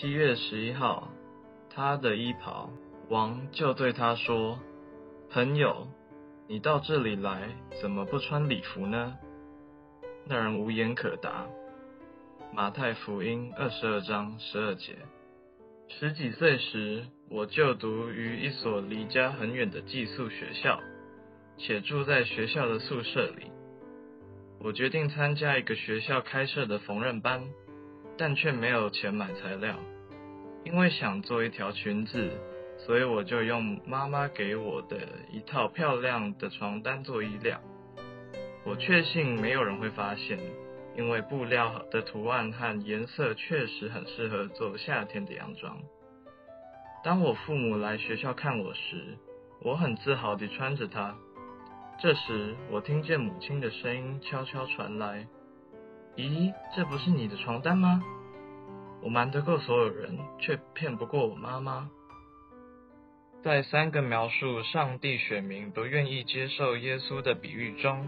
七月十一號，他的衣袍。王就對他說：“朋友，你到這裡來，怎麼不穿禮服呢？”那人無言可答。馬太福音二十二章十二節。十幾歲時，我就讀於一所離家很遠的寄宿學校，且住在學校的宿舍裡。我決定參加一個學校開設的縫紉班。但卻沒有錢買材料，因為想做一條裙子，所以我就用媽媽給我的一套漂亮的床單做衣料。我確信沒有人會發現，因為布料的圖案和顏色確實很適合做夏天的洋裝。當我父母來學校看我時，我很自豪地穿着它。這時，我聽見母親的聲音悄悄傳來：“咦，這不是你的床單嗎？”我瞞得過所有人，卻騙不過我媽媽。在三個描述上帝選民不願意接受耶穌的比喻中，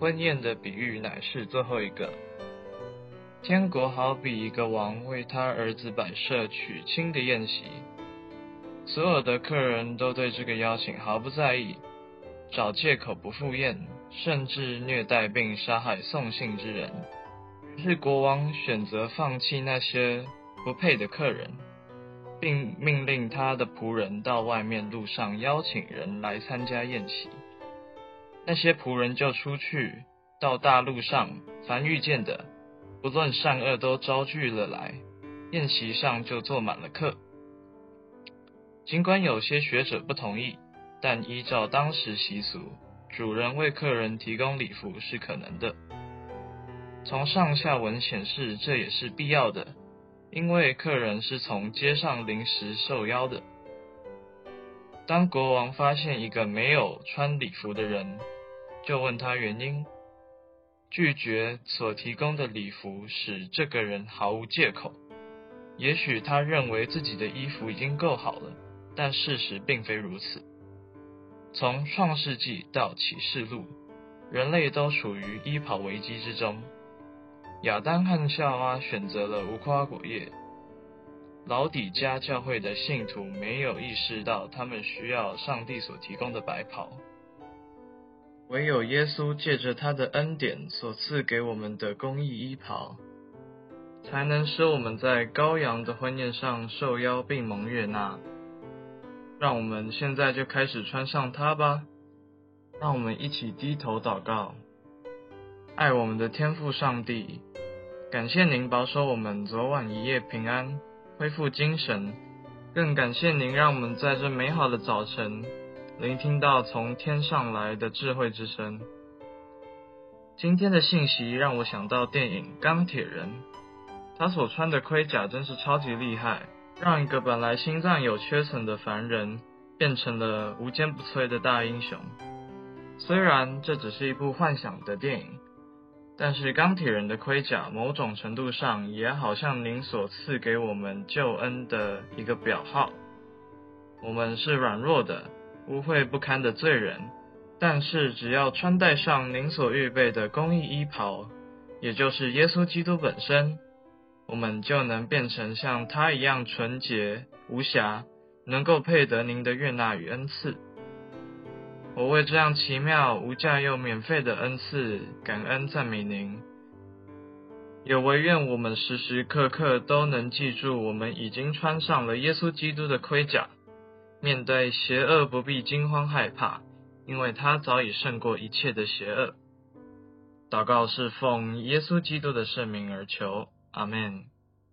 婚宴的比喻乃是最後一個。天國好比一個王為他兒子擺設娶親的宴席，所有的客人都對這個邀請毫不在意，找借口不赴宴，甚至虐待並殺害送信之人。但是國王選擇放棄那些不配的客人，並命令他的僕人到外面路上邀請人來參加宴席。那些僕人就出去到大路上，凡遇見的，不論善惡，都招聚了來。宴席上就坐滿了客。儘管有些學者不同意，但依照當時習俗，主人為客人提供禮服是可能的。從上下文顯示，這也是必要的，因為客人是從街上臨時受邀的。當國王發現一個沒有穿禮服的人，就問他原因。拒絕所提供的禮服使這個人毫無借口。也許他認為自己的衣服已經夠好了，但事實並非如此。從創世紀到啟示錄，人類都處於衣袍危機之中。亞當和夏娃選擇了無花果葉。老底嘉教會的信徒沒有意識到他們需要上帝所提供的白袍，唯有耶穌借着他的恩典所賜給我們的公義衣袍，才能使我們在羔羊的婚宴上受邀並蒙悅納。讓我們現在就開始穿上它吧。讓我們一起低頭禱告。愛我們的天父上帝，感謝您保守我們昨晚一夜平安，恢復精神，更感謝您讓我們在這美好的早晨，聆聽到從天上來的智慧之聲。今天的信息讓我想到電影《鋼鐵人》，他所穿的盔甲真是超級厲害，讓一個本來心臟有缺損的凡人，變成了無堅不摧的大英雄。雖然這只是一部幻想的電影。但是鋼鐵人的盔甲，某種程度上也好像您所賜給我們救恩的一個表號。我們是軟弱的、污穢不堪的罪人，但是只要穿戴上您所預備的公義衣、衣袍，也就是耶穌基督本身，我們就能變成像他一樣純潔無瑕，能夠配得您的悅納與恩賜。我為這樣奇妙、無價又免費的恩賜感恩讚美您。也惟願我們時時刻刻都能記住，我們已經穿上了耶穌基督的盔甲，面對邪惡不必驚慌害怕，因為他早已勝過一切的邪惡。禱告是奉耶穌基督的聖名而求，阿們。